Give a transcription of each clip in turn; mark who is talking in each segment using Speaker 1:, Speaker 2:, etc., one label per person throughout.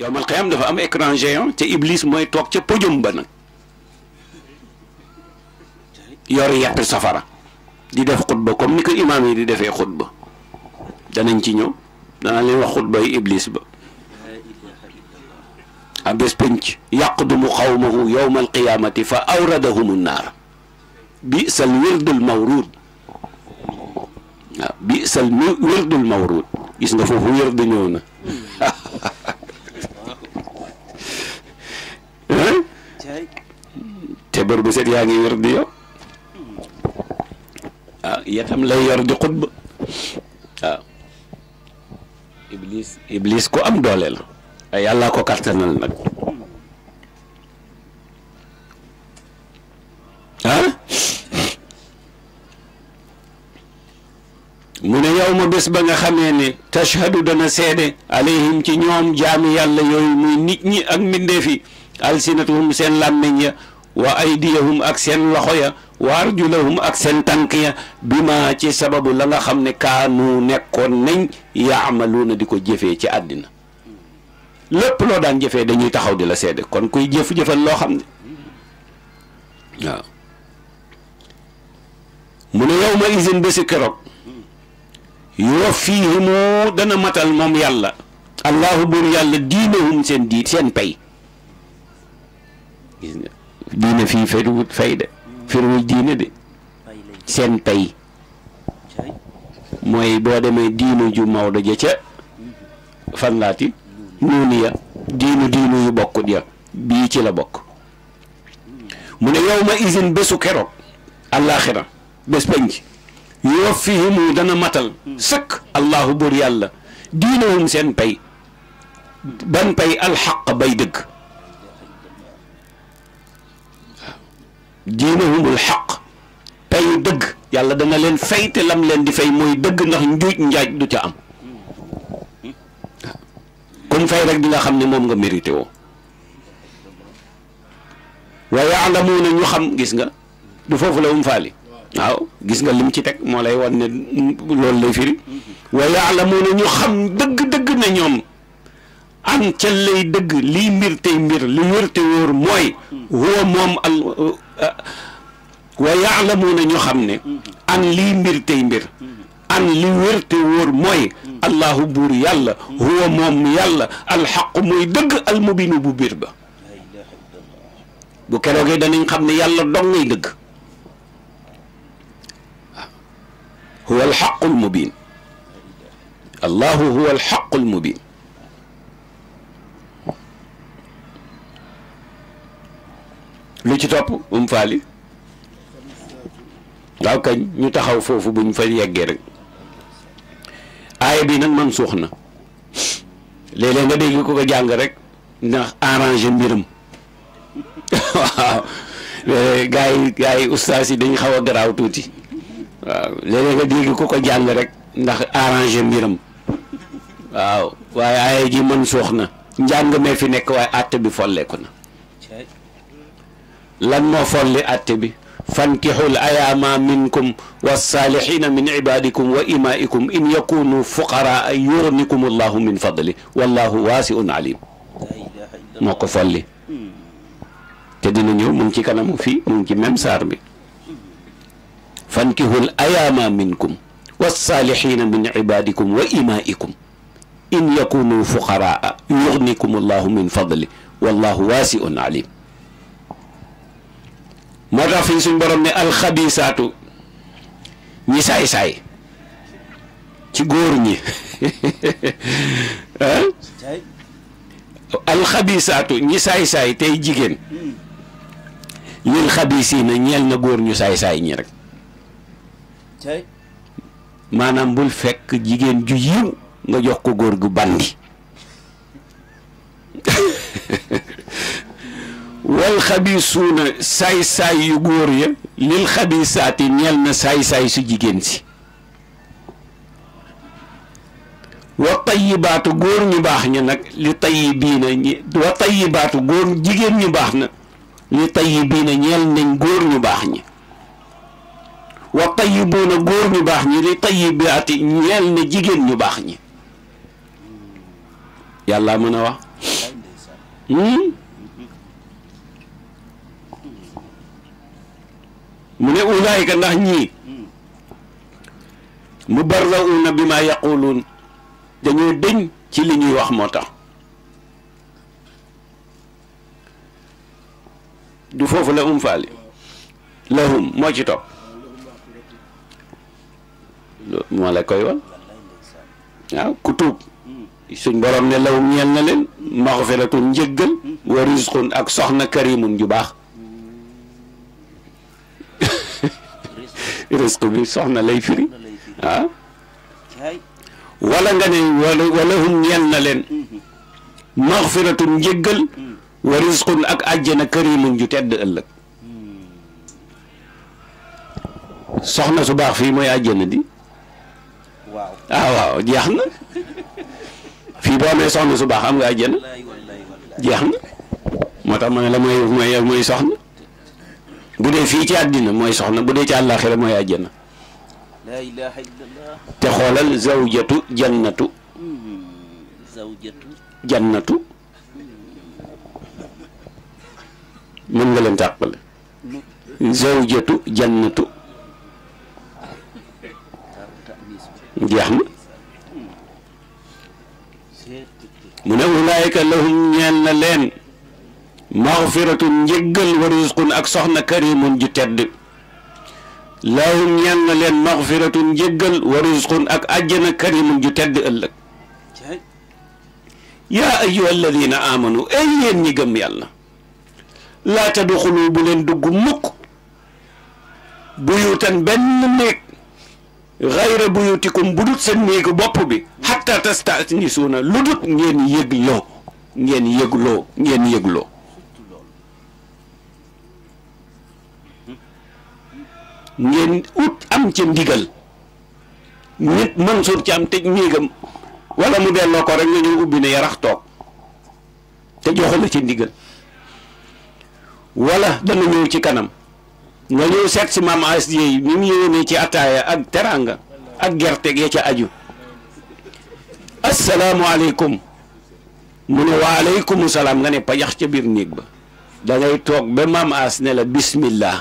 Speaker 1: yowmal qiyaam dafa am écran géant te Iblis mooy toog ca podium ba nag yor yàpp safara di def xutba comme ni ko imaam yi di defee xutba danañ ci ñëw dana leen wax xutba Iblis ba a bés penc yaqdumu qawmahu yowmal qiyaamati fa awradahumu naar bi'sal wirdul mawruud waaw bi'sal gis nga foofu wird ñëw na bër bu set yaa ngi wér di yow ah, yetam lay yor di xutba waaw ah. ku am doole la ay ah, ko kattanal nag ah mu ne yow ma bés ba nga xamee ne tashhadu dana seede alayhim ci ñoom jaami yàlla yooyu muy nit ñi ak mbindeef yi alsinatuhum seen làmmeñ ya wa aydiyahum ak seen loxo ya waa arjulahum ak seen tànk ya bi ma ci sababu la nga xam ne kaanu nekkoon nañ yaamaluuna di ko jëfee ci àddina lépp loo daan jëfee dañuy taxaw di la seede kon kuy jëf jëfal loo xam ne mu ne yow ma isin ba si keroog yoo fii mu dana matal moom yàlla allahu buur yàlla diinahum seen diin seen pay gis nga diine fii feriwut fay de feriwul diine de seen tey mooy boo demee diinu ju Maodo ja ca fan laati noonu ya diinu diinu yu bokkut ya bii ci la bokk mu ne yow isin bésu keroog àllaaxira bés penc yoo fihimu dana matal sëkk allahu buur yàlla diinahum seen pay ban pay alxaq bay dëgg diinahumul xaq payu dëgg yàlla dana leen fay te lam leen di fay mooy dëgg ndax njuuj njaaj du ca am kum fay rek di nga xam ne moom nga mérité woo wa yaalamuuna ñu xam gis nga du foofu la um waaw gis nga lim ci teg moo lay wan ne loolu lay firi wa yaalamuuna ñu xam dëgg-dëgg na ñoom an ca lay dëgg liy mbir tey mbir li wér te wóor mooy huwa moom Euh, wa yaalamuuna ñu xam ne an lii mbir tey mbir an li wér te wóor mooy allahu buur yàlla huwa moom yàlla alxaqu mooy dëgg almubinu bu biir ba bu keroogee danañ xam ne yàlla dong ngay dëgg huwa alxaqu almubin allahu huwa alxaqu almubin lu ci topp um faali kañ ñu taxaw foofu buñ fa yeggee rek aaya bi nag man suux na léeg-léeg nga dégg ko ko jàng rek ndax arrangé mbiram waaw gaa yi gaa yi ustaas xaw a tuuti waaw léeg-léeg jàng rek ndax arrangé mbiram waaye aaya ji man suux na njàng mee fi nekk waaye àtte bi folleeku na lan moo folli atte bi fankixul ayaama minkum wasaalihina min ibadikum wa imaikum in yakunu fuqaraa yurnikum allahu min fadli wallahu waasiun alim moo ko folli te dina ñëw mu ngi ci kanamu fii mu ngi ci même saar bi fankihul ayaama minkum wasaalihina min ibadikum wa imaikum in yakunu fuqaraa yurnikum allahu min fadli wallahu waasiun alim moo tax fi suñ borom ni alxabisaatu ñi saay-saay ci góor ñi ah? alxabisaatu ñi saay-saay tey jigéen lil xabisiina ñeel na góor ñu saay-saay ñi rek maanaam bul fekk jigéen ju yiw nga jox ko góor gu bandi wal xabiisuuna saay-saay yu góor ya lil xabiisaati ñeel na saay-saay su jigéen si wa tayibaatu góor ñu baax ña nag li tayibiina ñi wa tayibaatu góor jigéen ñu baax na li tayibiina ñeel nañ góor ñu baax ñi wa tayibuuna góor ñu baax ñi li tayibaati ñeel na jigéen ñu baax ñi yàlla mën a wax hmm? mu ne ulaayika ndax ñii mubarra'uuna bi ma yaquluun dañoo dëñ ci li ñuy wax moo tax du foofu la um faali lahum moo ci topp moo la koy wan waaw ku tuub suñ borom ne lahum ñeel na leen maxfiratun njëggal wa rizqun ak soxna karimun ju baax risque bi soxna lay firi ah wala nga ne wala wala hum ñeel na leen mm-hmm. maxfiratun njëggal mm-hmm. wa risqun ak àjjana karimun ju tedd ëllëg mm-hmm. soxna su baax fii mooy àjjana di waaw ah waaw jeex na fii boo amee soxna su baax am nga àjjana jeex na moo tax ma ne la mooy mooy mooy soxna bu dee fii ci àddina mooy soxna bu dee ci àllaaxira mooy àjjana la ilaha illallah te xoolal zawjatu jannatu hmm, zawjatu jannatu mën nga leen tàqale zawjatu jannatu jeex na hmm. mu ne ulaayka lahum ñeel na leen maxfiratun njëggal wa risqun ak soxna karimun ju tedd lahum ñeel na leen maxfiratun njëggal wa risqun ak àjjana karimun ju tedd ëllëg yaa ayyuha alladina amanu ay yéen ñi gëm yàlla laa tadxulu bu leen dugg mukk buyutan benn néeg xayra buyutikum bu dut seen néegu bopp bi xatta tastaanisuuna lu dut ngeen yëgloo ngeen yëgloo ngeen yëgloo ngeen ut am ca ndigal nit Mansour am te néegam walla mu delloo ko rek nga ñëw ubbi ne yarax toog te joxu la ci ndigal walla dana ñëw ci kanam nga ñëw seet si maam yi ni mu yéwénee ci ataaya ak teraanga ak gerte gee ca aju asalaamualeykum mu ne waaleykum salaam nga ne pajax ca biir néeg ba dangay toog ba maam ne la bismillah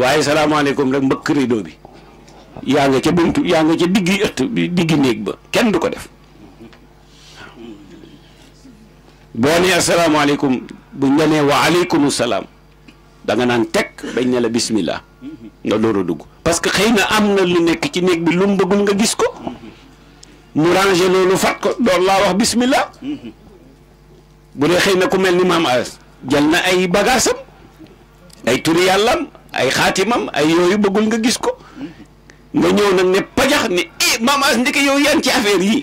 Speaker 1: waaye salaamaaleykum rek mbëkk rideau bi yaa nga ca bunt yaa nga ca digg ëtt bi diggi néeg ba kenn du ko def boo nee asalaamaaleykum bu ñu wa aleykum salaam da naan teg dañ ne la bismillah nga door a dugg parce que xëy na am na lu nekk ci néeg bi lu mu nga gis ko mu rangé loolu fat ko laa wax bismillah bu dee xëy na ku mel ni maam as jël na ay bagaasam ay turi yàllam ay xaatimam ay yooyu bëggul nga gis ko nga ñëw nag ne pajax ni i eh, ndeke yow yan ci affaire yi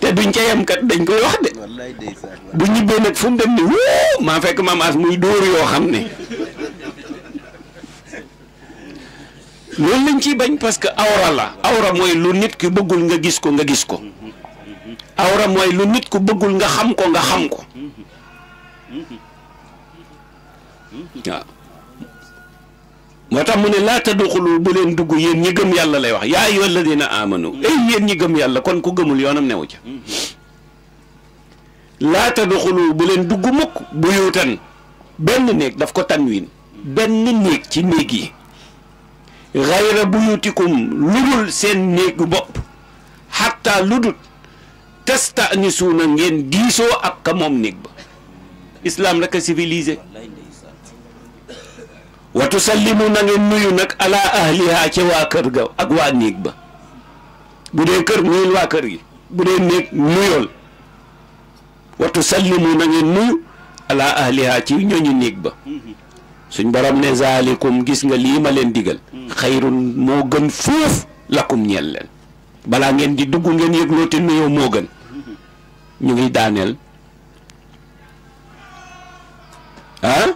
Speaker 1: te duñ ca dañ koy wax de bu ñibbee nag fu mu dem ni wuu maa fekk maamaas muy dóor yoo xam ne loolu lañ ci bañ parce que awra la awra nga gis ko nga gis ko awra mooy lu nit ku bëggul nga xam ko nga xam ko mm-hmm.
Speaker 2: Mm-hmm.
Speaker 1: waaw moo tax mu ne laa tadxulu bu leen dugg yéen ñi gëm yàlla lay wax yaa ayyuha ladina amanu ay yéen ñi gëm yàlla kon ku gëmul yoonam newu ca laa tadxulu bu leen dugg mukk buyuutan benn néeg daf ko tanwin benn néeg ci néeg yi xayra buyutikum ludul seen néegu bopp xatta ludul na ngeen diisoo ak moom néeg ba islam rek a civilisé wa tusallimu nangeen ngeen nuyu nag ala ahliha ca waa kër ga ak waa néeg ba bu dee kër nuyul waa kër gi bu dee néeg nuyool wa tusallimu na ngeen nuyu ala ahliha ci ñooñu néeg ba suñ baram ne zaalikum gis nga lii ma leen digal xayrun moo gën foof lakum ñeel leen balaa ngeen di dugg ngeen yëgloo te nuyoo moo gën ñu ngi daaneel ah?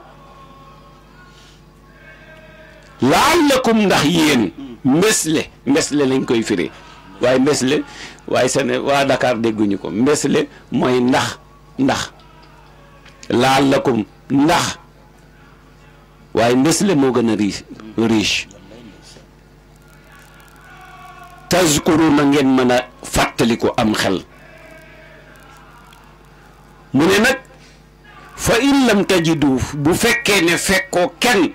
Speaker 1: laallakum ndax yéen mbesle mbesle lañ koy fire waaye mbesle waaye sene waa Dakar dégguñu ko mbesle mooy ndax ndax laal la laallakum ndax waaye mbesle moo gën a riche riche tazkuru na ngeen mën a fàttaliku am xel mu ne nag fa in lam tajidu bu fekkee ne fekkoo kenn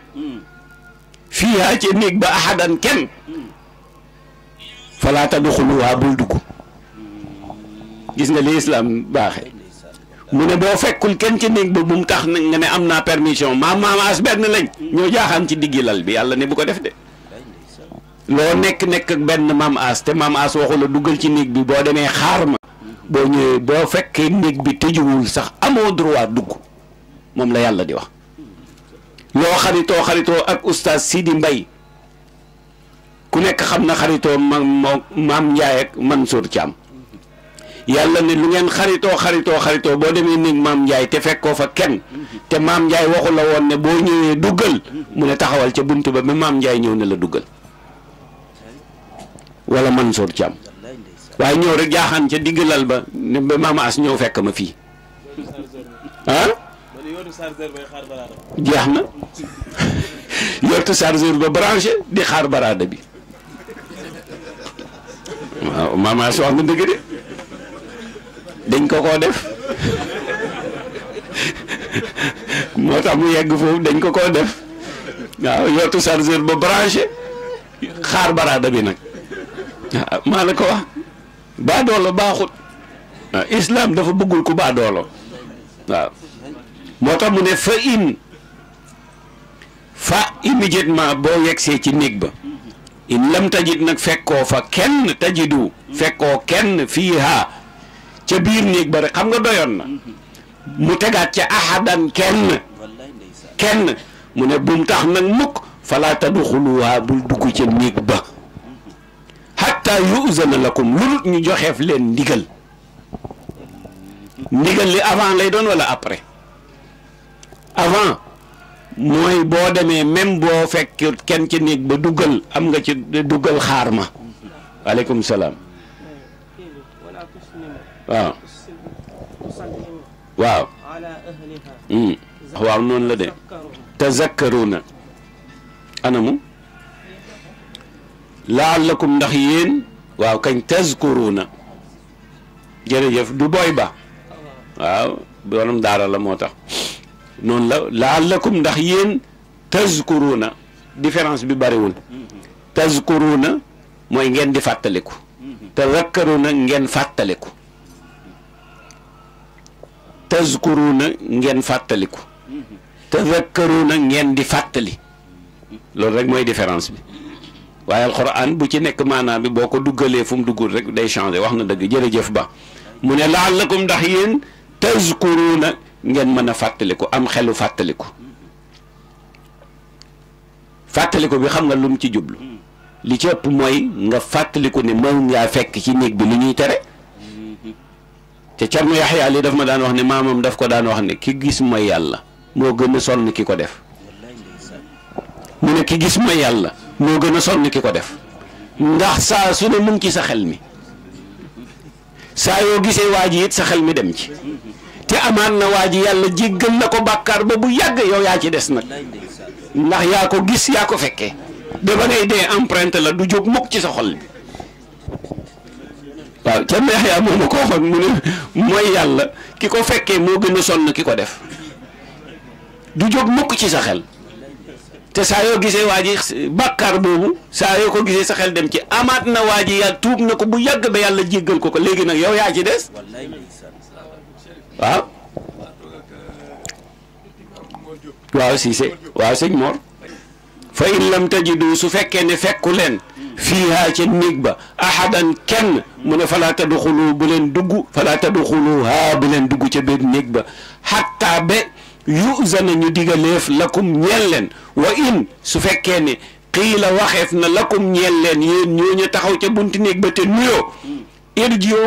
Speaker 1: fiihaa ci néeg ba ahadan kenn falaa tadxuluhaa bul dugg gis nga li islam baaxe mu ne boo fekkul kenn ci néeg ba bu mu tax nga ne am naa permission maam maam as benn lañ ñoo jaaxaan ci diggi lal bi yàlla ne bu ko def de loo nekk nekk benn maam as te maam as waxu duggal ci néeg bi boo demee xaar ma boo ñëwee boo fekkee néeg bi tëjuwul sax amoo droit dugg moom la yàlla di wax loo xaritoo xaritoo ak oustaz Sidi Mbay ku nekk xam na xaritoo ma moo maam Njaay ak Mansour Thiam yàlla ne lu ngeen xaritoo xaritoo xaritoo boo demee néeg maam Njaay te fekkoo fa kenn te maam Njaay waxu la woon ne boo ñëwee duggal mu ne taxawal ca bunt ba ba maam Njaay ñëw ne la duggal wala Mansour Thiam waaye ñëw rek jaaxaan ca digg lal ba ne ba maama as ñëw fekk ma fii ah? jeex na yortu chargeur ba branché di xaar baraada bi waaw maama si wax na dëgg de dañ ko koo def moo tax mu yegg foofu dañ ko koo def waaw yortu chargeur ba branché xaar baraada bi nag waaw maa la ko wax baadoolo baaxut waaw islam dafa bëggul ku baadoolo waaw moo tax mu ne fa in fa immédiatement boo yegsee ci néeg ba in lam tajit nag fekkoo fa kenn tajidu fekkoo kenn fii ha ca biir néeg ba rek xam nga doyoon na mu tegaat ca ahadan kenn kenn mu ne bum tax nag mukk fala tadxuluha bul dugg ca néeg ba hatta yu'zana lakum lulut ñu joxeef leen ndigal ndigal li avant lay doon wala après avant mooy boo demee même boo fekk kenn ci néeg ba duggal am nga ci duggal xaar ma aleykum salaam waaw waaw hmm. waaw la de tazakkaruna anamu laallakum ndax yéen waaw kañ tazkuruna jërëjëf du booy ba waaw borom daara moo tax noonu la laal laallakum ndax yéen na différence bi bariwul na mooy ngeen di ko fàttaliku tazakkaruna ngeen fàttaliku tazkuruna ngeen fàttaliku tazakkaruna ngeen di fàttali loolu rek mooy différence bi waaye alxuraan bu ci nekk maanaam bi boo ko duggalee fu mu duggul rek day changé wax na dëgg jërëjëf ba mu ne laallakum ndax yéen tazkuruna ngeen mën a fàttaliku am xelu fàttaliku fàttaliku bi xam nga lum ci jublu li ci mooy nga fàttaliku ne moom ngaa fekk ci néeg bi lu ñuy tere te Cerno Yaxya yi daf ma daan wax ne maamam daf ko daan wax ne ki gis mooy yàlla moo gën a sonn ki ko def mu ne ki gis mooy yàlla moo gën a sonn ki ko def ndax saa su ne mu ci sa xel mi saa yoo gisee waa ji it sa xel mi dem ci te amaan na waa ji yàlla jéggal na ko bàkkaar ba bu yàgg yow yaa ci des nag ndax yaa ko gis yaa ko fekkee ba ba ngay dee empreinte la du jóg mukk ci sa xol bi waaw ca ko mu ne yàlla ki ko fekkee moo gën a sonn ki ko def du jóg ci sa xel te saa yoo gisee waa ji bàkkaar boobu saa yoo ko gisee sa xel dem ci amaat na waa ji yàlla tuub na ko bu yàgg ba yàlla jéggal ko ko léegi nag yow yaa ci des Ah? waaw. waaw Cissé waaw sëñ Mor. fa in lam tajidu su fekkee ne fekku leen. fiiha ca néeg ba ahadan kenn mu ne falaa tadxulu bu leen dugg falaa tadxuluha bu leen dugg ca biir néeg ba xatta ba yuzana ñu digaleef lakum ñeel leen wa in su fekkee ne la waxeef na lakum ñeel leen yéen ñooñu taxaw ca bunti néeg ba te nuyoo irjiu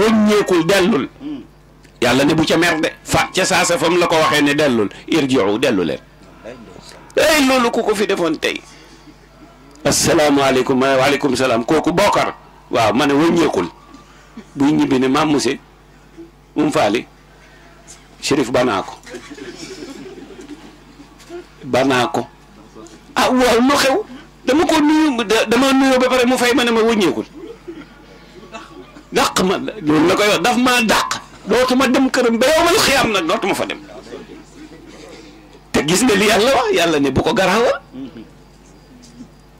Speaker 1: wëññeekul dellul yàlla ne bu ca mer de fa ca saasa fam la ko waxee ne dellul irjiu dellu leen ey loolu ku ko fi defoon tey asalaamaaleykum waaleykum salaam kooku bokkar waaw ma ne wëññeekul buy ñibbi ne maam monsieur um faali shérif banaa ko banaa ko ah waaw lu xew dama ko nuyu dama nuyoo ba pare mu fay ma ne ma wëññeekul dàq ma loolu dootuma dem këram ba yow ma xiyam nag dootuma fa dem te gis nga li yàlla wax yàlla ne bu ko garaawal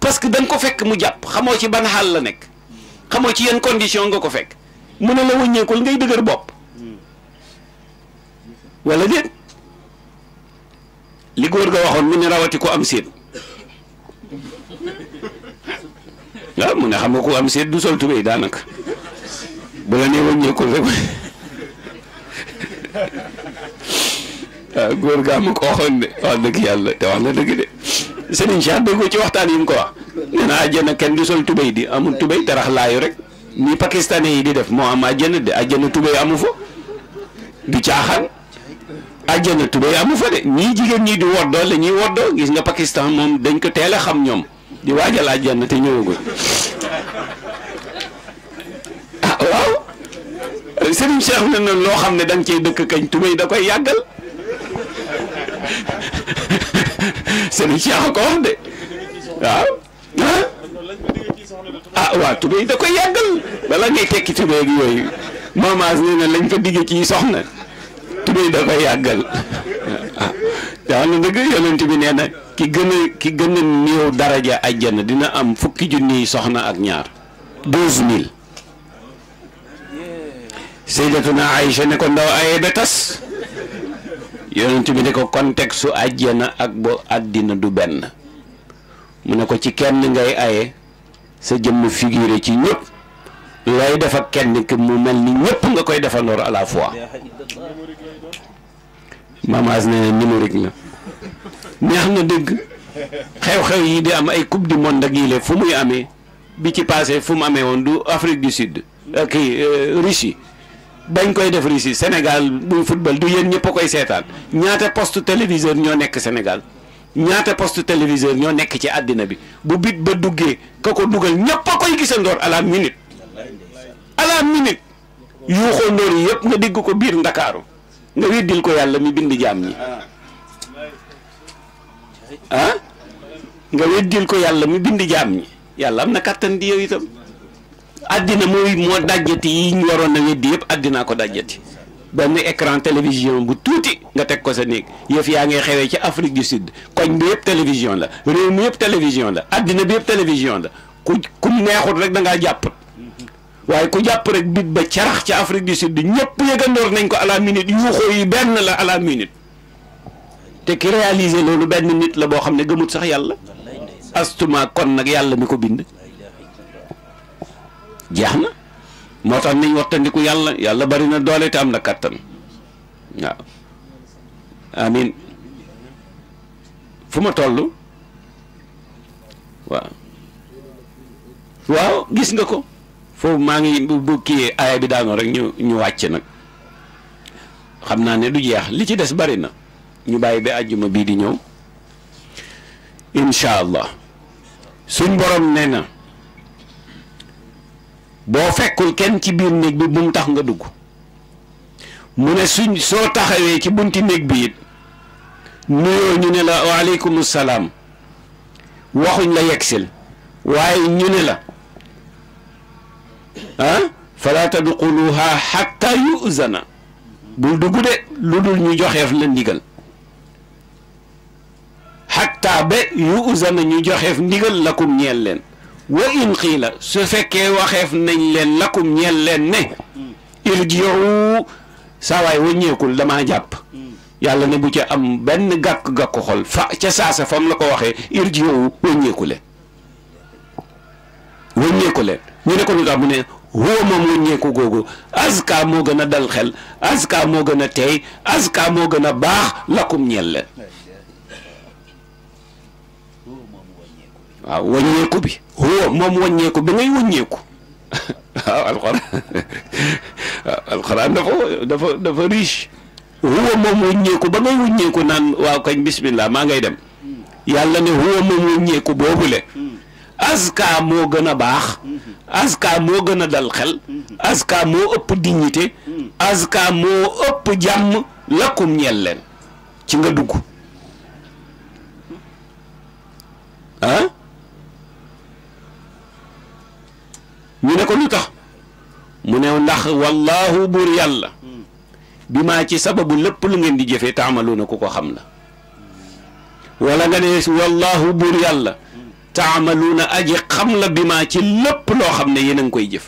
Speaker 1: parce que da ko fekk mu jàpp xamoo ci ban la nekk xamoo ci yenn condition nga ko fekk mu ne la wëññeekul ngay dëgër bopp wala déet li góor ga waxoon mu ne rawati ko am séet waaw ah, mu ne xam nga ko am séet du sol tubéy daanaka bu la nee wëññeekul rek. waaw ah, góor gaa ma ko waxoon de wax dëgg yàlla te wax na dëgg de Serigne Cheikh dégg ci waxtaan yi mu ko wax nee na àjjana kenn du sol tubéy di amul tubéy tarax rek ni pakistanais yi di def moo am àjjana de àjjana tubéy amu fa du caaxaan àjjana tubéy amu fa de ñii jigéen ñi di woddoo la ñuy woddoo gis nga Pakistan moom dañ ko teel a xam ñoom di waajal àjjana te ñëwagul ah, waaw Serigne Cheikh ne na loo xam ne da cee dëkk kañ tubéy da koy yàggal Serigne Cheikh a ko wax de waaw ah, ah tubéy da koy yàggal bala ngay tekki tubéy ak yooyu lañ fa digge ci soxna tubéy da koy yàggal ah daa ah. na dëgg yonent bi nee na ki gën ki gën a néew daraja ajjana dina am fukki junniy soxna ak ñaar douze mille sayyidatuna Aïcha ne ko ndaw aye ba tas yonent bi ko contexte su àjjana ak ba àddina du benn mu ne ko ci kenn ngay aye sa jëmm figuré ci ñëpp looy def kenn ki mu mel ni ñëpp nga koy defandoor à la fois maamaas ne numérique la neex na dëgg xew-xew yi di am ay coupe du monde ak yile fu muy amee bi ci passé fu mu amee woon du Afrique du Sud kii euh, Russie bañ koy def Russie Sénégal buy football du yéen ñëpp a koy seetaan ñaata post téléviseur ñoo nekk senegal ñaata post téléviseur ñoo nekk ci àddina bi bu bit ba duggee ka ko dugal ñëpp a koy gisandoor à la minute à la minute yuuxoo ndoor yi yëpp nga dégg ko biir ndakaaru nga weddil ko yàlla mi bind jaam ñi ah nga weddil ko yàlla mi bind jaam ñi yàlla am na kàttan di yow itam àddina mooy moo dajjati yi ñu waroon na weddi yëpp àddinaa ko dajjati benn écran télévision bu tuuti nga teg ko sa néeg yëf yaa ngay xewee ci Afrique du Sud koñ bi yëpp télévision la réew mi yëpp télévision la àddina bi yëpp télévision la ku ku neexut rek da ngaa jàpp waaye ku jàpp rek bit ba carax ci Afrique du Sud ñëpp yëgandoor nañ ko à la minute yuuxoo yi benn la à la te ki réaliser loolu benn nit la boo xam ne gëmut sax yàlla astuma kon nag yàlla mi ko bind jeex na moo tax nañ wattandiku yàlla yàlla bari na doole te am na kàttan waaw amin fu ma toll waaw gis nga ko foofu maa ngi bu kii aaya bi daanoo rek ñu ñu wàcc nag xam naa ne du jeex li ci des bari na ñu bàyyi ba àjjuma bii di ñëw incha allah suñ borom nee na boo fekkul kenn ci biir néeg bi bu mu tax nga dugg mu ne suñ soo taxawee ci bunti néeg bi it nuyoo ñu ne la waaleykum salaam waxuñ la yegsil waaye ñu ne la ah fala tadxuluha xatta yuzana bul dugg de lu dul ñu joxeef la ndigal xatta ba yuzana ñu joxeef ndigal lakum ñeel leen wa in qiila su fekkee waxeef nañ leen lakum ñeel leen ne irjiu saawaay wëññeekul damaa jàpp yàlla ne bu ca am benn gàkk-gàkku xol fa ca saasa fam la ko waxee irjiu wëññeeku leen wëññeeku leen ñu ne ko lu tax mu ne huwa wëññeeku googu azka moo gën a dal xel azka moo gën a teey azka moo gën a baax lakum ñeel leen waaw ah, wàññeeku bi huwa moom wàññeeku bi ngay wàññeeku waaw ah, alxuraan ah, alxuraan dafa ba ngay wàññeeku naan waaw kañ bismillah maa ngay dem yàlla ne huwa moom wàññeeku boobule aska moo gën a baax aska moo gën a dal xel aska moo ëpp dignité aska moo ëpp jàmm lakkum ñeel ci nga dugg ñu ne ko lu tax mu ne ndax wallaahu buur yàlla bi ma ci sababu lépp lu ngeen di jëfee taamalu na ku ko xam la wala nga ne wallaahu buur yàlla taamalu na aji xam la bi maa ci lépp loo xam ne yéen koy jëf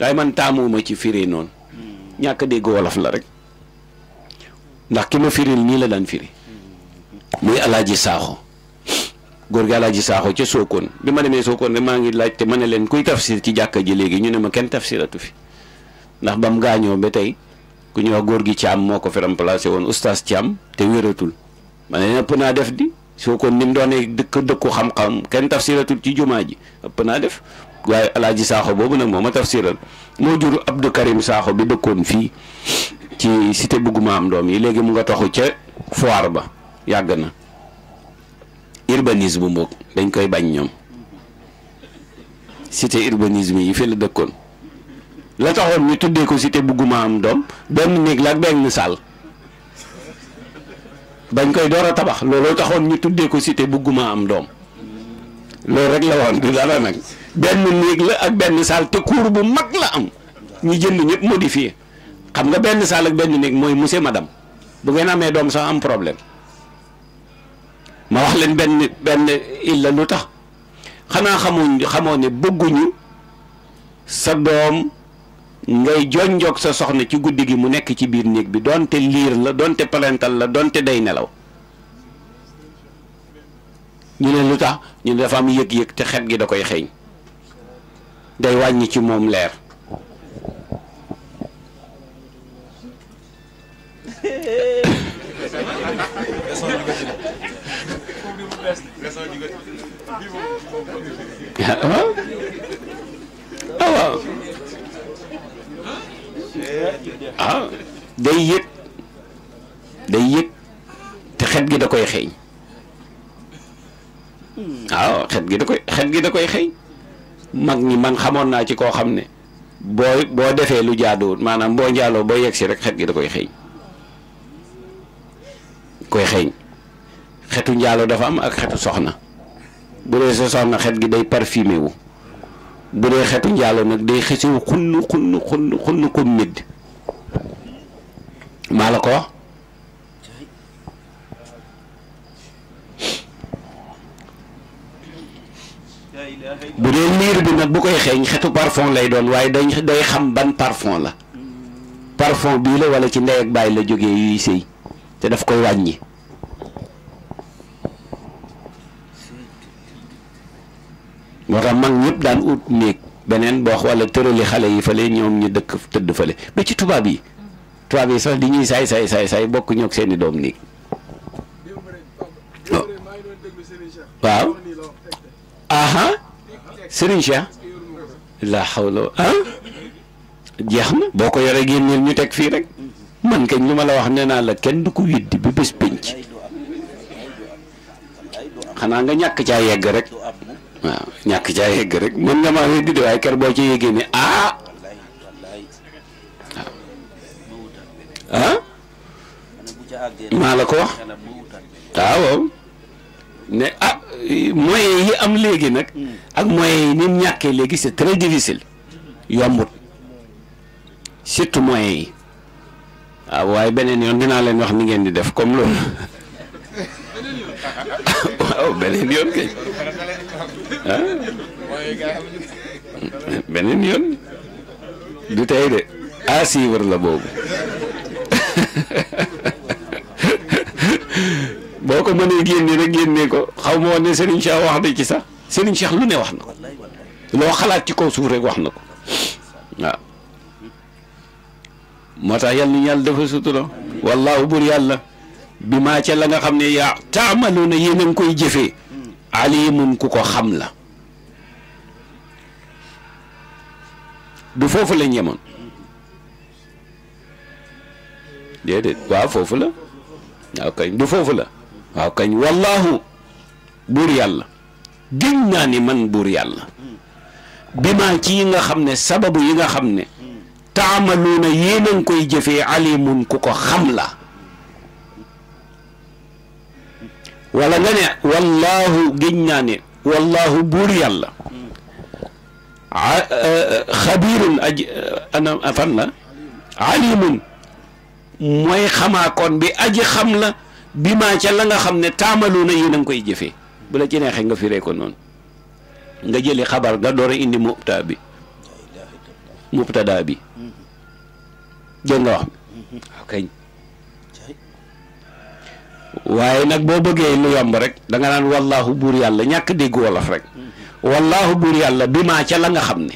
Speaker 1: waaye man taamuwuma ci firi noonu ñàkk dégg wolof la rek ndax ki ma firil nii la daan firi muy alaaji saaxo góor gi Alaaji Saaxo ca sookoon bi ma demee sookoon de maa ngi laajte ma ne leen kuy tafsir ci jàkka ji léegi ñu ne ma kenn tafsiratu fi ndax bam mu gaañoo ba tey ku ñuy wax góor gi ci Thiam moo ko fi remplacé woon oustaz am te wératul ma ne leen ëpp naa def di Sokone ni mu doonee dëkk dëkku xam-xam kenn tafsiratul ci jumaa ji ëpp naa def waaye Alaaji Saaxo boobu nag moo ma tafsiral moo jur Abdou Karim Saaxo bi dëkkoon fii ci te bugguma am doom yi léegi mu nga taxu ca foire ba yàgg na. urbanisme bu mbokk dañ koy bañ ñoom cité urbanisme yi fi la dëkkoon la taxoon ñu tuddee ko cité bugguma am doom benn néeg ak benn saal bañ koy door a tabax looloo taxoon ñu tuddee ko cité bugguma am doom loolu rek la woon du dara nag benn néeg la ak benn saal te cour bu mag la am ñu jënd ñëpp modifié xam nga benn saal ak benn néeg mooy monsieur dam bu ngeen amee doom sax am problème. ma wax leen benn benn illa lu tax xanaa xamuñ xamoo ne bëgguñu sa doom ngay jonjoog sa soxna ci guddi gi mu nekk ci biir néeg bi donte liir la donte palental la donte day nelaw ñu ne lu tax ñu ne dafa am yëg-yëg te xet gi da koy xeeñ day wàññi ci moom leer ah waaw ah day yëg day yëg te xet gi da koy xeeñ waaw ah, xet gi da koy xet gi da koy xeeñ mag ñi man xamoon naa ci koo xam ne boo boo defee lu jaaduwul maanaam boo njaaloo boo yegg si rek xet gi da koy xeeñ koy xeeñ xetu njaaloo dafa am ak xetu soxna bu dee sa soxna xet gi day parfumé wu bu dee xetu njaalo nag day xësiw xunn xunn xunn xunn ko médd maa la ko wax bu dee liir bi nag bu koy xeeñ xetu parfon lay doon waaye dañ day xam ban parfum la parfon bii la walla ci ndey ak bàyyi la jóge yuy sëy te daf koy wàññi moo man mag daan ut néeg beneen boo wala tërali xale yi fa fële ñoom ñu dëkk tëdd fële ba ci tubaab yi tubaab yi sax di ñuy saay saay saay saay bokk ñoog seeni doom néeg oh. waaw aha Serigne Cheikh la xawlo ah jeex na boo ko yoree génneel ñu teg fii rek man kañ lu ma la wax nee naa la kenn du ko widdi bi bés pénc xanaa nga ñàkk caa yegg rek waaw ñàkk caa yegg rek mën nga maa boo ci ah! la ko wax waaw ne ah, yi am léegi nag ak moyens yi ni mu ñàkkee léegi c'est très difficile yombut surtout moyens yi waaw waaye beneen yoon dinaa leen wax ni ngeen di def comme loolu
Speaker 2: waaw beneen yoon kay. ah beneen yoon
Speaker 1: du tey de à suivre la boobu boo ko mënee génne rek génne ko xaw ma woon ne Serigne Cheikh wax na ci sax Serigne seex lu ne wax na ko loo xalaat ci kaw suuf rek wax na ko waaw moo tax yal nañu yàlla dafa sutura wallaahu bur yàlla bi maa ca la nga xam ne yaa taamalu na yéen a koy jëfee. alimun ku ko xam la du foofu la yemoon déedéet waaw foofu la waaw kañ du foofu la waaw kañ wallahu buur yàlla gén naa ni man buur yàlla bi maa ci yi nga xam ne sababu yi nga xam ne taamaluuna yéen a ngi koy jëfee alimun ku ko xam la wala nga ne wallaahu géñ naa buur yàlla xabiirun aji ana fan la alimun mooy xamaakoon bi aji xam la bi maa ca la nga xam ne taamalu na yéen a ngi koy jëfee bu la ci neexee nga firee ko noonu nga jëli xabar nga door indi mubta bi mubtada bi mm-hmm. dégg nga wax mm-hmm. kañ waaye nag boo bëggee lu yomb rek da nga naan wallaahu buur yàlla ñàkk dégg wolof rek wallaahu buur yàlla bimaa ca la nga xam ne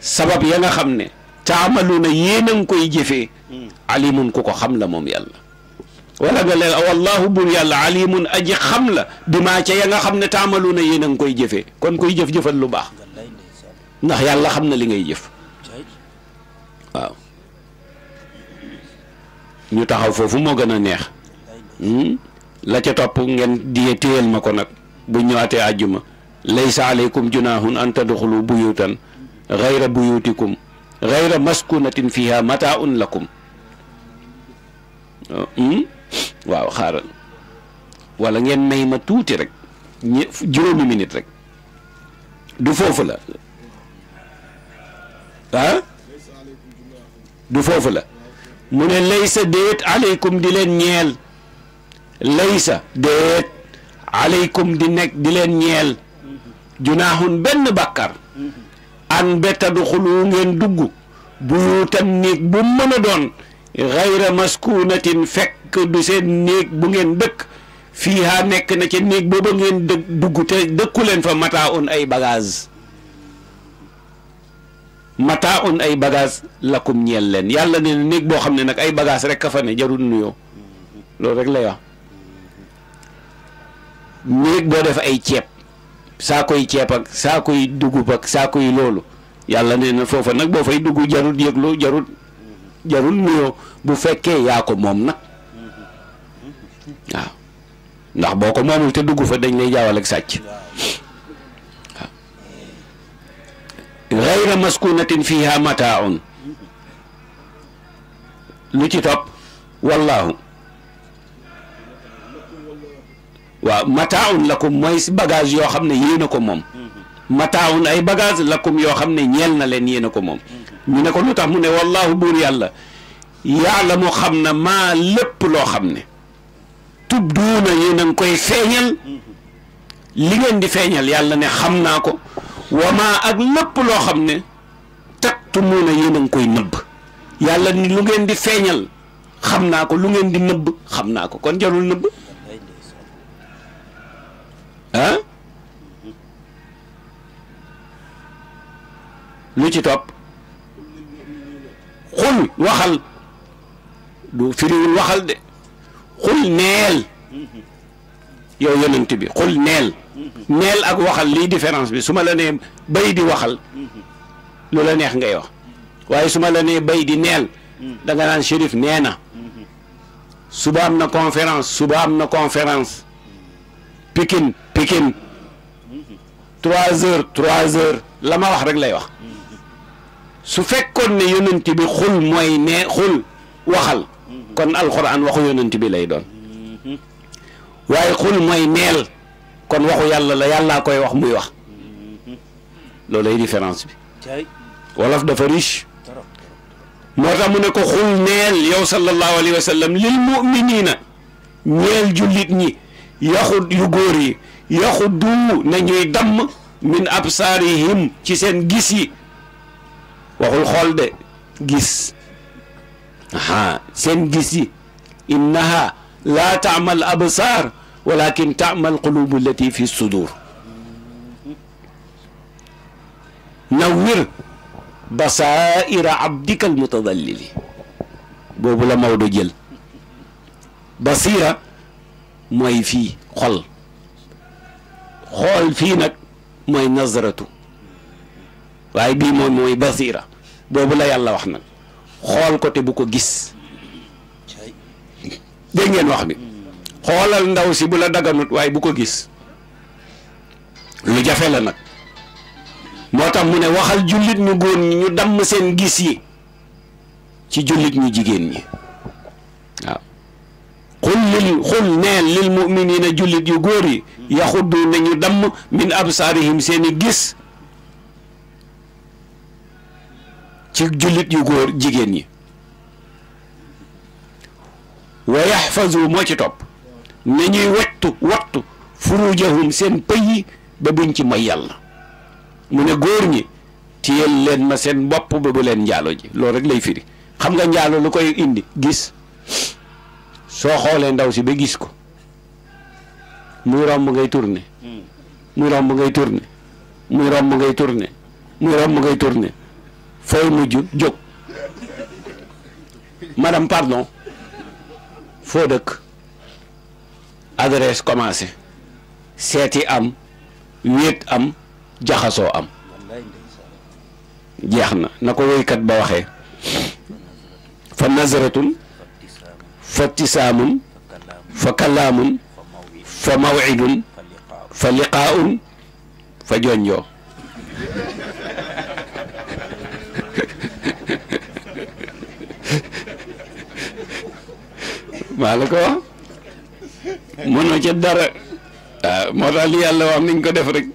Speaker 1: sabab ya nga xam ne taamaluuna yéen a ngi koy jëfee alimun ku ko xam la moom yàlla wala nga leen wallaahu buur yàlla alimun aji xam la bi ya nga xam ne taamaluuna yéen a ngi koy jëfee kon koy jëf-jëfal lu baax ndax yàlla xam na li ngay jëf waaw ñu taxaw foofu moo gën a neex Hmm? la ca topp ngeen di téyal ma ko nag bu ñëwaatee àjjuma laysa aleykum junahun an tadxulu buyutan gayra buyutikum gayra maskunatin fiha mataun lakum oh, hmm? waaw xaaral wala ngeen may ma tuuti rek ñe juróomi minute rek du foofu la ah? du foofu la mu ne laysa déet aleykum di leen ñeel laysa déet aleykum di nekk di leen ñeel junaaxun benn bakkar an be tadxulu ngeen dugg buyuutan néeg bu mën a doon xayra maskuunatin fekk du seen néeg bu ngeen dëkk fiiha nekk na ca néeg booba ngeen dugg te dëkku leen fa mataa un ay bagaas mataa un ay bagaas lakum ñeel leen yàlla ne néeg boo xam ne nag ay bagage rek ka fa ne jarul nuyoo loolu rek lay wax nit doo def ay ceeb saakoy ceeb ak saakoy dugub ak saakoy loolu yàlla nee na foofa nag boo fay dugg jarut yëglu jarut jarut nuyoo bu fekkee yaa ko moom nag waaw ndax boo ko moomul te dugg fa dañ lay jaawal sàcc waaw xayra maskunatin fiha mataaun lu ci topp wallaahu waaw la lakum mooy bagage yoo xam ne yéen a ko moom mataaun ay bagage lakum yoo xam ne ñeel na leen yéen a ko moom ñu ne ko lu tax mu ne wallaahu buur yàlla yàlla mu xam na maa lépp loo xam ne tubduuna yéen a ngi koy feeñal li ngeen di feeñal yàlla ne xam naa ko wamaa ak lépp loo xam ne taktumuuna na a ngi koy nëbb yàlla ni lu ngeen di feeñal xam naa ko lu ngeen di nëbb xam naa ko kon jarul nëbb ah lu ci topp xul waxal bu firiwul waxal de xul neel yow yonent bi xul neel neel ak waxal lii différence bi su ma la nee bay di waxal lu la neex ngay wax waaye su ma la nee bay di neel da nga shérif nee na suba am na conférence suba am na conférence Pikine Pikine trois heures trois heures la ma wax rek lay wax su fekkoon ne yonent bi xul mooy ne xul waxal kon alxuraan waxu yonent bi lay doon waaye xul moy neel kon waxu yàlla la yàllaa koy wax muy wax loolu lay différence bi wolof dafa riche moo ta mu ne ko xul neel yow sallallahu alayhi wa sallam lil muminina ñeel jullit ñi yaxut yu góor yi yaxudu na ñuy damm min absaarihim ci seen gis yi waxul xool de gis aha seen gis yi innaha laa taamal absaar walakin taamal qulubu allati fi sudur nawwir basaira abdika almutadallili boobu la Maodo jël basira mooy fii xol xool fii nag mooy nazaratu waaye bii moom mooy basira boobu la yàlla wax nag xool ko te bu ko gis dégg ngeen wax bi xoolal ndaw si bu la daganut waaye bu ko gis lu jafe la nag moo tax mu ne waxal jullit ñu góor ñi ñu damm seen gis yi ci jullit ñu jigéen ñi xul lil xul neel lil muminina jullit yu góor yi yaxuddu nañu damm min absaarihim seeni gis ci jullit yu góor jigéen ñi wa yaxfazu moo ci topp nañuy wattu wattu furujahum seen pëy yi ba buñ ci moy yàlla mu ne góor ñi téyel leen ma seen bopp ba bu leen njaalo ji loolu rek lay firi xam nga njaalo lu koy indi gis soo xoolee ndaw si ba gis ko muy romb ngay tourné muy romb ngay tourné muy romb ngay tourné muy romb ngay tourné fooy mujj jóg madame pardon foo dëkk adresse commencé seeti am wéet am jaxasoo am jeex na na ko woykat ba waxee fa nazaratun fa tisaamun fa kalaamun fa mawidun fa liqaaun fa jonjoo maa la ko wax mënoo dara waaw ah, moo tax li yàlla wax nañ ko def rek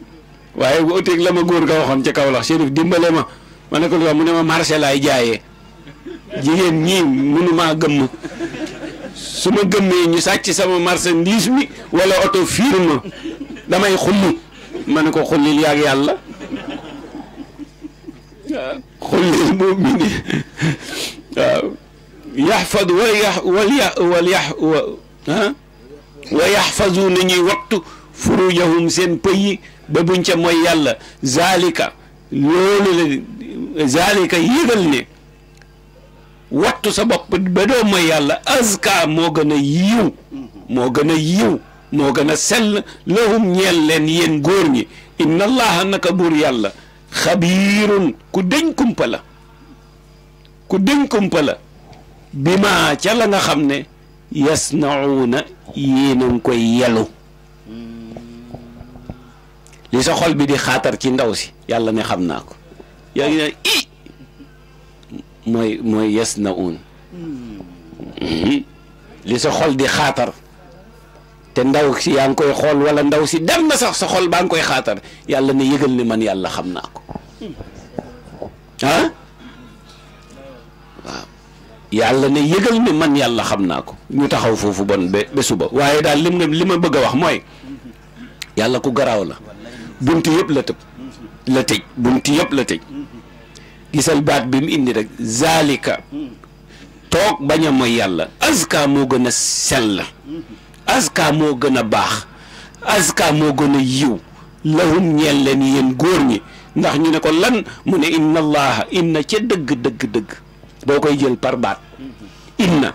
Speaker 1: waaye bu la ma góor ga waxoon ci kaw lax Chérif dimbale ma ma ne ko lu wax mu ne ma marché laay jaayee jigéen ñii mënumaa gëmm su ma gëmmee ñu sàcc sama marchandise mi wala oto firme damay xulli ma ne ko xullil yaag yàlla waaw xullil mumini waaw yaxfad wal yax wal yax wal yax ah wa yaxfazu nañuy wattu furujahum seen pëy yi ba buñ ca mooy yàlla zalika loolu la zalika yëgal ne wattu sa bopp ba doo yàlla azka moo gën a yiw moo gën a yiw moo gën a sell lahum ñeel leen yéen góor ñi inna allaha naka buur yàlla xabiirun ku dëñ kumpa la ku dëñ kumpa la bi ma ca la nga xam ne yasnauna yéen a ngi koy yelu li sa xol bi di xaatar ci ndaw si yàlla ne xam naa ko mooy mooy yes na un mhm. li sa xol di xaatar te ndaw si yaa ngi koy xool wala ndaw si dem na sax sa xol baa ngi koy xaatar yàlla ne yëgal ni man yàlla xam naa ko ah waaw yàlla ne man yàlla xam naa ko ñu taxaw foofu bon ba suba waaye daal lim li ma bëgg a wax mooy yàlla ku garaaw la bunt yëpp la tëb la tëj bunt yëpp la tëj gisal baat bi mu indi rek zalika toog bañ a yàlla azka moo gën a la azka moo gën a baax azka moo gën a yiw lahum ñeel leen yéen góor ñi ndax ñu ne ko lan mu ne inna allaha inna ca dëgg dëgg dëgg boo koy jël par baat inna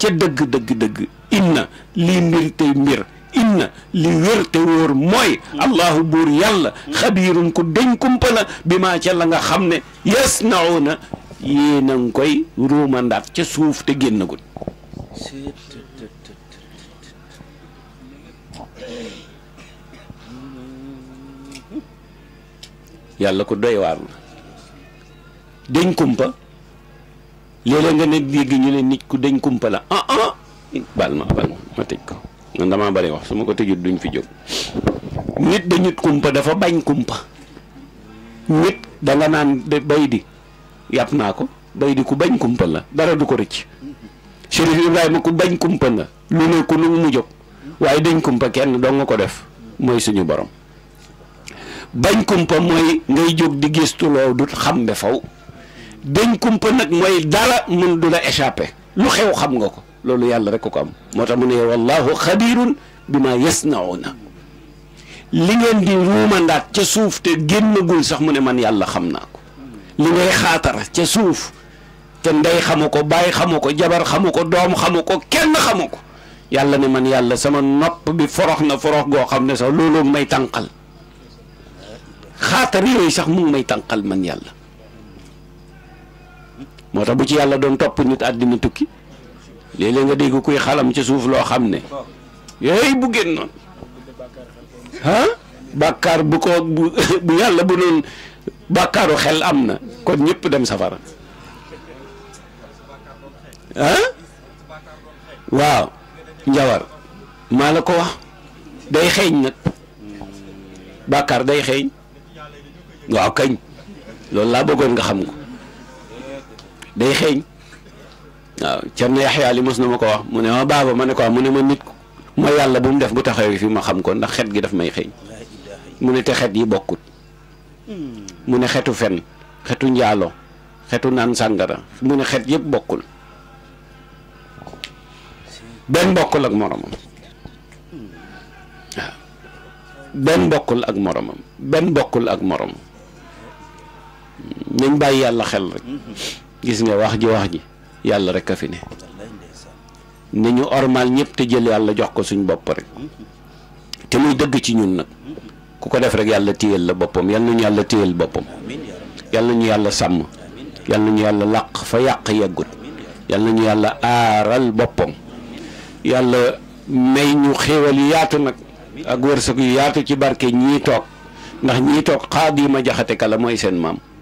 Speaker 1: ca dëgg dëgg dëgg inna lii mbir tey mbir inna li wér te wóor mooy allahu buur yàlla xabiirun ku deñ kumpa la bi maa ca la nga xam ne yasnauna yéen a ngi koy ruuma ca suuf te génn génnagul yàlla ko doy waar la dañ kumpa léeg nga ne dégg ñu ne nit ku dañ kumpa la ah, ah. bal ma bal ma ma tëj ko man damaa bari wax su ma ko tëjut duñ fi jóg nit da nit kumpa dafa bañ kumpa nit danga naan bay di yàpp naa ko bay di ku bañ kumpa la dara du ko rëcc Chérif Ibrahima ku bañ kumpa la lu ne ku mu jóg waaye dañ kumpa kenn doo nga ko def mooy suñu borom bañ kumpa mooy ngay jóg di gëstu loo du xam be faw dañ kumpa nag mooy dara mun du la échappé lu xew xam nga ko loolu yàlla rekk ko am moo tax mu ne wallahu xabirun bi ma yasnauna li ngeen di ruumandaat ca suuf te génnagul sax mu ne man yàlla xam naa ko li ngay xaatar ca suuf te ndey xamu ko bàyyi xamu ko jabar xamu ko doom xamu ko kenn xamu ko yàlla ne man yàlla sama nopp bi forox na forox goo xam ne sax looloo may tànqal xaatar yooyu sax mu ngi may tànqal man yàlla moo tax bu ci yàlla doon topp nit àddina tukki léeg nga dégg kuy xalam ci suuf loo xam ne yooyu bu génnoon ah bàkkaar bu ko bu yàlla bu noonu bàkkaaru xel am na kon ñépp dem safara ah waaw njawar maa la ko wax day xeeñ nag bàkkaar day xeeñ waaw kañ loolu laa bëggoon nga xam ko day xeeñ waaw Cerno Yaxya li mos na ma ko wax mu ne ma baaba ma ne ko mu ne ma nit ma yàlla bu mu def bu taxawee fi ma xam ko ndax xet gi daf may xëy mu ne te xet yi bokkut mu ne xetu fen xetu njaalo xetu naan sàngara mu ne xet yépp bokkul benn bokkul ak moromam benn bokkul ak moromam benn bokkul ak moromam nañ bàyyi yàlla xel rek gis nga wax ji wax ji yàlla rek a fi ne ni ñu ormal ñëpp te jël yàlla jox ko suñ bopp rek te muy dëgg ci ñun nag ku ko def rek yàlla téyel la boppam yal ñu yàlla téyel boppam yal nañu yàlla sàmm yal nañu yàlla làq fa yàq yeggut yal nañu yàlla aaral boppam yàlla may ñu xéewal yu yaatu nag ak wërsëg yu yaatu ci barke ñii toog ndax ñii toog xaadima jaxate kala mooy seen maam